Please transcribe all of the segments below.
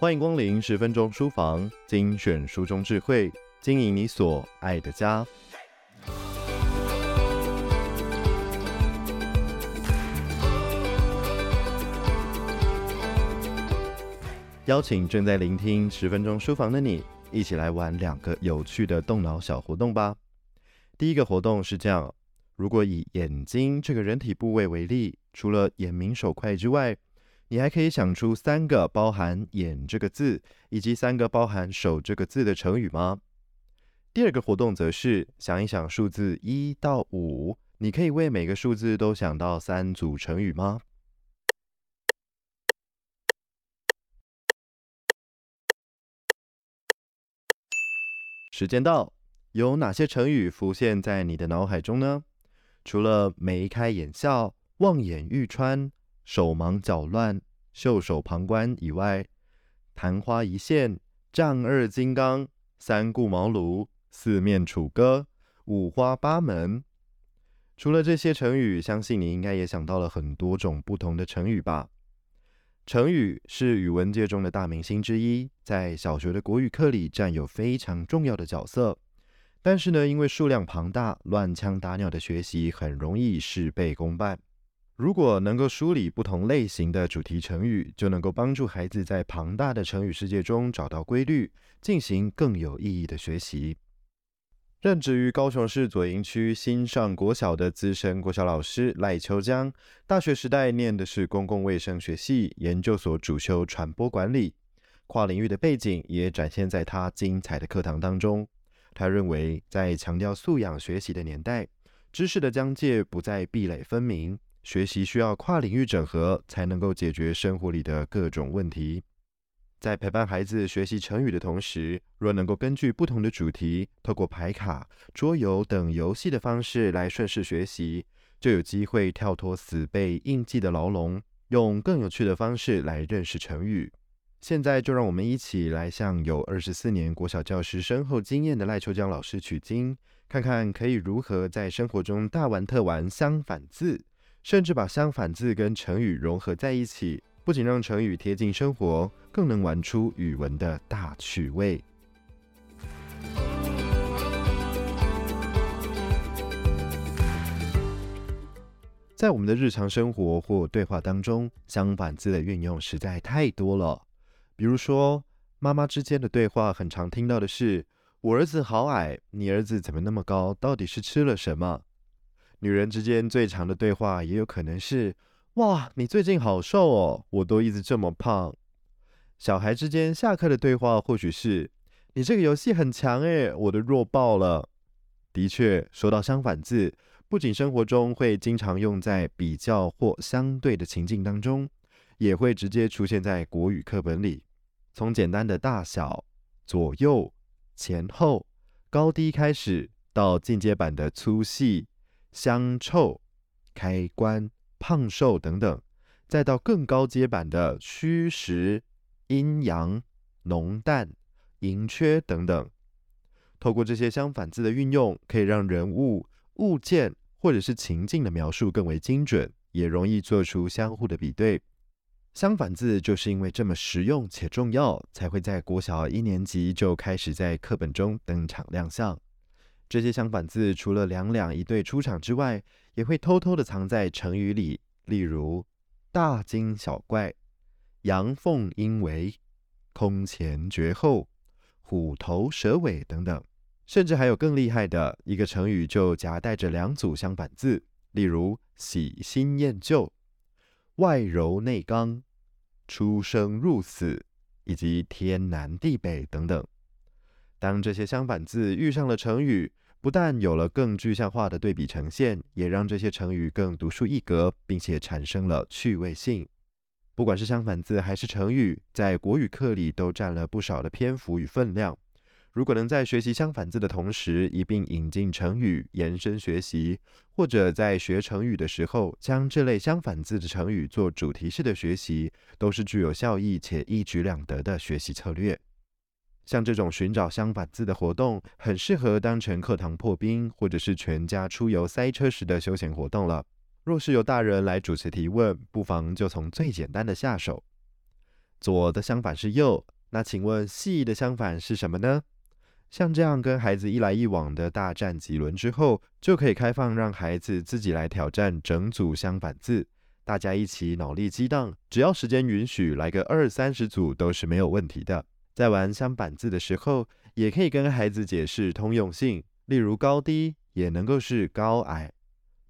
歡迎光臨十分鐘書房，精選書中智慧，經營你所愛的家。邀請正在聆聽十分鐘書房的你，一起來玩兩個有趣的動腦小活動吧。第一個活動是這樣：如果以眼睛這個人體部位為例，除了眼明手快之外，你還可以想出三個包含“眼”這個字，以及三個包含“手”這個字的成語嗎？第二個活動則是想一想數字一到五，你可以為每個數字都想到三組成語嗎？時間到，有哪些成語浮現在你的腦海中呢？除了眉開眼笑、望眼欲穿。手忙腳亂、袖手旁觀以外，曇花一現、丈二金剛、三顧茅廬、四面楚歌、五花八門。除了這些成語，相信你應該也想到了很多種不同的成語吧？成語是語文界中的大明星之一，在小學的國語課裡占有非常重要的角色。但是呢，因為數量龐大，亂槍打鳥的學習很容易事倍功半。如果能夠梳理不同類型的主題成語，就能夠幫助孩子在龐大的成語世界中找到規律，進行更有意義的學習。任職於高雄市左營區新上國小的資深國小老師賴秋江，大學時代念的是公共衛生學系研究所，主修傳播管理，跨領域的背景也展現在她精彩的課堂當中。她認為，在強調素養學習的年代，知識的疆界不再壁壘分明。學習需要跨領域整合，才能夠解決生活裡的各種問題。在陪伴孩子學習成語的同時，若能夠根據不同的主題，透過牌卡、桌遊等遊戲的方式來順勢學習，就有機會跳脫死背硬記的牢籠，用更有趣的方式來認識成語。現在就讓我們一起來向有二十四年國小教師深厚經驗的賴秋江老師取經，看看可以如何在生活中大玩特玩相反字。甚至把相反字跟成語融合在一起，不僅讓成語貼近生活，更能玩出語文的大趣味。在我們的日常生活或對話當中，相反字的運用實在太多了。比如說，媽媽之間的對話很常聽到的是：“我兒子好矮，你兒子怎麼那麼高？到底是吃了什麼？”女人之間最長的對話也有可能是：“哇，你最近好瘦哦，我都一直這麼胖。”小孩之間下課的對話或許是：“你這個遊戲很強耶，我的弱爆了。”的確，說到相反字，不僅生活中會經常用在比較或相對的情境當中，也會直接出現在國語課本裡。從簡單的大小、左右、前後、高低開始，到進階版的粗細。香臭、開關、胖瘦等等，再到更高階版的虛實、陰陽、濃淡、盈缺等等。透過這些相反字的運用，可以讓人物、物件或者是情境的描述更為精準，也容易做出相互的比對。相反字就是因為這麼實用且重要，才會在國小一年級就開始在課本中登場亮相。這些相反字除了兩兩一對出場之外，也會偷偷的藏在成語裡，例如大驚小怪、陽奉陰違、空前絕後、虎頭蛇尾等等，甚至還有更厲害的一個成語就夾帶着兩組相反字，例如喜新厭舊、外柔內剛、出生入死，以及天南地北等等。當這些相反字遇上了成語，不但有了更具象化的對比呈現，也讓這些成語更獨樹一格，並且產生了趣味性。不管是相反字還是成語，在國語課裡都占了不少的篇幅與分量。如果能在學習相反字的同時，一併引進成語，延伸學習，或者在學成語的時候，將這類相反字的成語做主題式的學習，都是具有效益且一舉兩得的學習策略。像這種尋找相反字的活動，很適合當成課堂破冰，或者是全家出遊塞車時的休閒活動了。若是有大人來主持提問，不妨就從最簡單的下手。左的相反是右，那請問細的相反是什麼呢？像這樣跟孩子一來一往的大戰幾輪之後，就可以開放讓孩子自己來挑戰整組相反字，大家一起腦力激盪。只要時間允許，來個二三十組都是沒有問題的。在玩相反字的時候，也可以跟孩子解釋通用性，例如高低也能夠是高矮，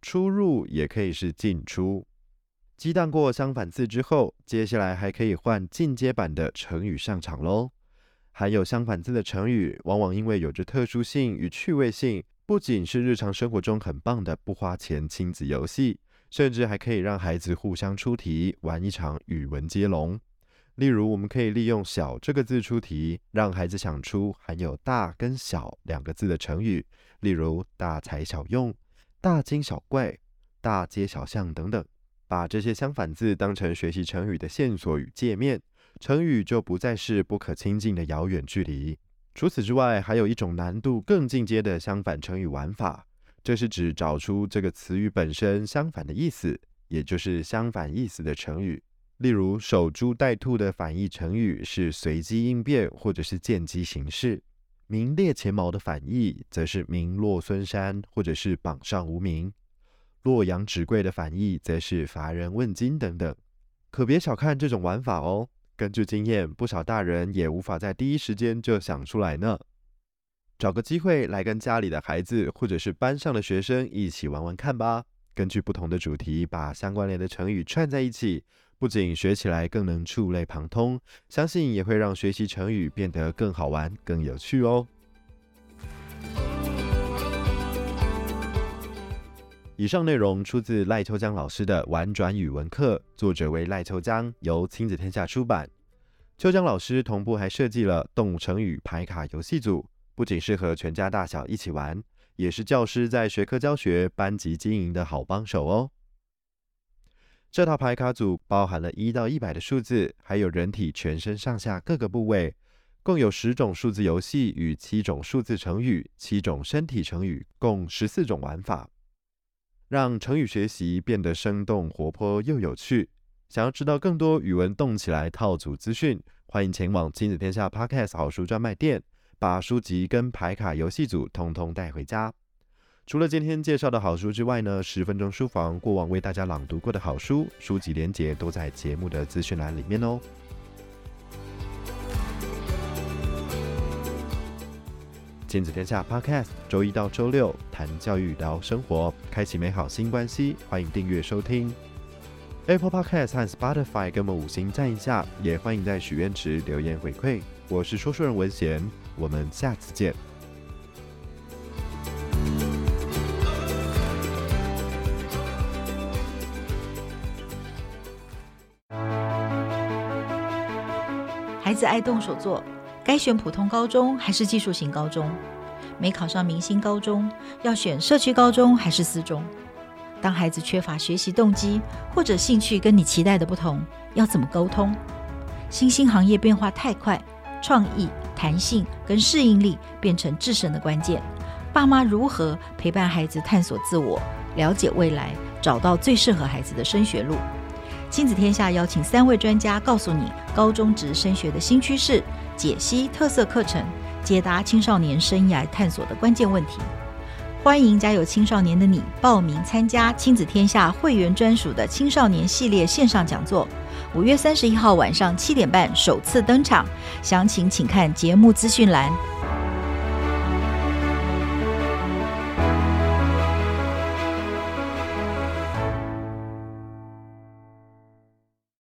出入也可以是進出。激盪過相反字之後，接下來還可以換進階版的成語上場嘍。含有相反字的成語，往往因為有着特殊性與趣味性，不僅是日常生活中很棒的不花錢親子遊戲，甚至還可以讓孩子互相出題，玩一場語文接龍。例如，我們可以利用“小”這個字出題，讓孩子想出含有“大”跟“小”兩個字的成語，例如“大材小用”“大驚小怪”“大街小巷”等等。把這些相反字當成學習成語的線索與界面，成語就不再是不可親近的遙遠距離。除此之外，還有一種難度更進階的相反成語玩法，這是指找出這個詞語本身相反的意思，也就是相反意思的成語。例如“守株待兔”的反義成語是“隨機應變”或者是“見機行事”，“名列前茅”的反義則是“名落孫山”或者是“榜上無名”，“洛陽紙貴”的反義則是“乏人問津”等等。可別小看這種玩法哦！根據經驗，不少大人也無法在第一時間就想出來呢。找個機會來跟家裡的孩子或者是班上的學生一起玩玩看吧，根據不同的主題把相關聯的成語串在一起。不僅學起來更能觸類旁通，相信也會讓學習成語變得更好玩、更有趣哦。以上內容出自賴秋江老師的《玩轉語文課》，作者為賴秋江，由親子天下出版。秋江老師同步還設計了動物成語牌卡遊戲組，不僅適合全家大小一起玩，也是教師在學科教學、班級經營的好幫手哦。這套牌卡組包含了一到一百的數字，還有人體全身上下各個部位，共有十種數字遊戲與七種數字成語、七種身體成語，共十四種玩法，讓成語學習變得生動活潑又有趣。想要知道更多語文動起來套組資訊，歡迎前往親子天下 Podcast 好書專賣店，把書籍跟牌卡遊戲組統統統統帶回家。除了今天介紹的好書之外呢，十分鐘書房過往為大家朗讀過的好書，書籍連結都在節目的資訊欄裡面哦。親子天下 Podcast，周一到周六談教育聊生活，開啟美好新關係，歡迎訂閱收聽。Apple Podcast 和 Spotify 給我們五星讚一下，也歡迎在許願池留言回饋。我是說書人文賢，我們下次見。孩子愛動手做，該選普通高中還是技術型高中？沒考上明星高中，要選社區高中還是私中？當孩子缺乏學習動機或者興趣跟你期待的不同，要怎麼溝通？新興行業變化太快，創意、彈性跟適應力變成制勝的關鍵。爸媽如何陪伴孩子探索自我、了解未來，找到最適合孩子的升學路？親子天下邀請三位專家，告訴你高中職升學的新趨勢，解析特色課程，解答青少年生涯探索的關鍵問題。歡迎家有青少年的你報名參加親子天下會員專屬的青少年系列線上講座。五月三十一號晚上七點半首次登場，詳情請看節目資訊欄。